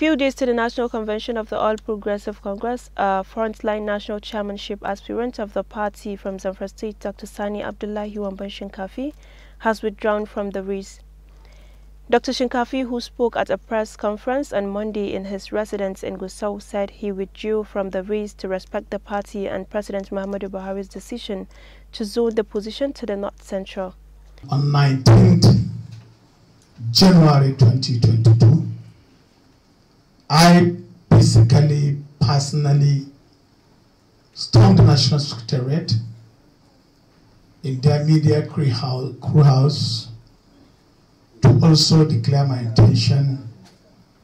Few days to the National Convention of the All Progressive Congress, a uh, frontline national chairmanship aspirant of the party from Zamfara State, Dr. Sani Abdullahi Wamban Shinkafi, has withdrawn from the race. Dr. Shinkafi, who spoke at a press conference on Monday in his residence in Gusau, said he withdrew from the race to respect the party and President Muhammadu Buhari's decision to zone the position to the North Central. On 19th January 2022, I physically, personally stormed the National Secretariat in their media crew house to also declare my intention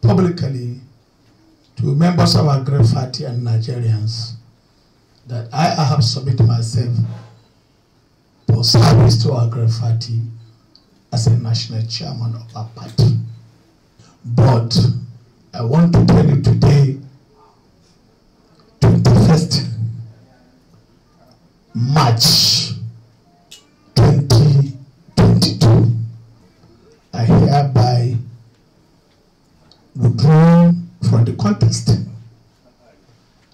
publicly to members of our great party and Nigerians that I have submitted myself for service to our great party as a national chairman of our party. But I want to tell you today, 21st March 2022, I hereby withdraw from the contest.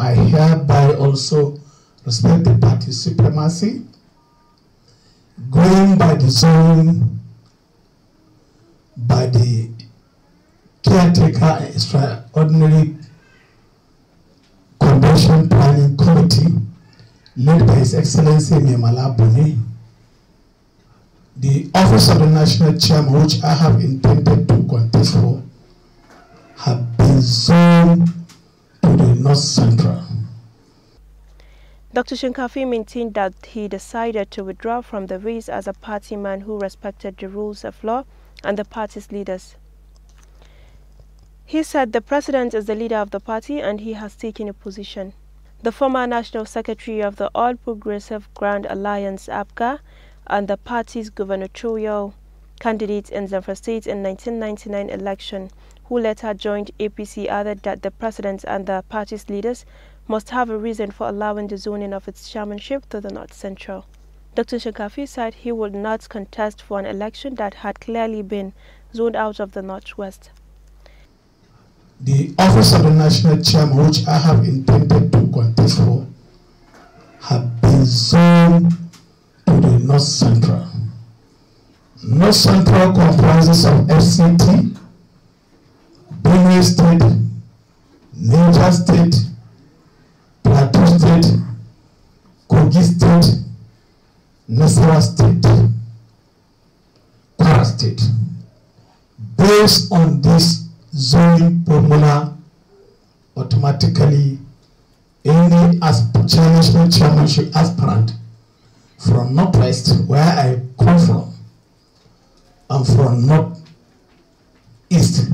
I hereby also respect the party supremacy, going by the zone, by the extraordinary convention planning committee led by His Excellency Miamala Bone, the office of the national chairman, which I have intended to contest for, have been zoned to the North Central. Dr. Shinkafi maintained that he decided to withdraw from the race as a party man who respected the rules of law and the party's leaders. He said the president is the leader of the party and he has taken a position. The former national secretary of the All Progressive Grand Alliance, APGA, and the party's gubernatorial candidate in Zamfara State in 1999 election, who later joined APC, added that the president and the party's leaders must have a reason for allowing the zoning of its chairmanship to the North Central. Dr. Shakafi said he would not contest for an election that had clearly been zoned out of the Northwest the office of the national chairman, which I have intended to contest for, have been zoned to the North Central. North Central comprises of FCT, Benue State, Niger State, Plateau State, Kogi State, Nasarawa State, Kwara State. Based on this zoning formula automatically any as chairmanship, chairmanship aspirant from Northwest, where I come from, and from Northeast, east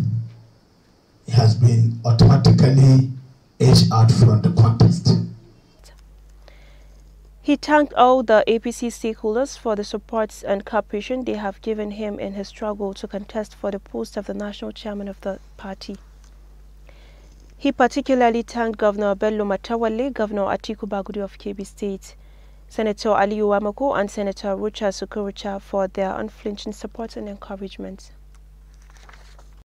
has been automatically edged out from the contest. He thanked all the APC stakeholders for the support and cooperation they have given him in his struggle to contest for the post of the national chairman of the party. He particularly thanked Governor Bello Matawale, Governor Atiku Bagudu of KB State, Senator Ali Uwamako and Senator Rucha Sukurucha for their unflinching support and encouragement.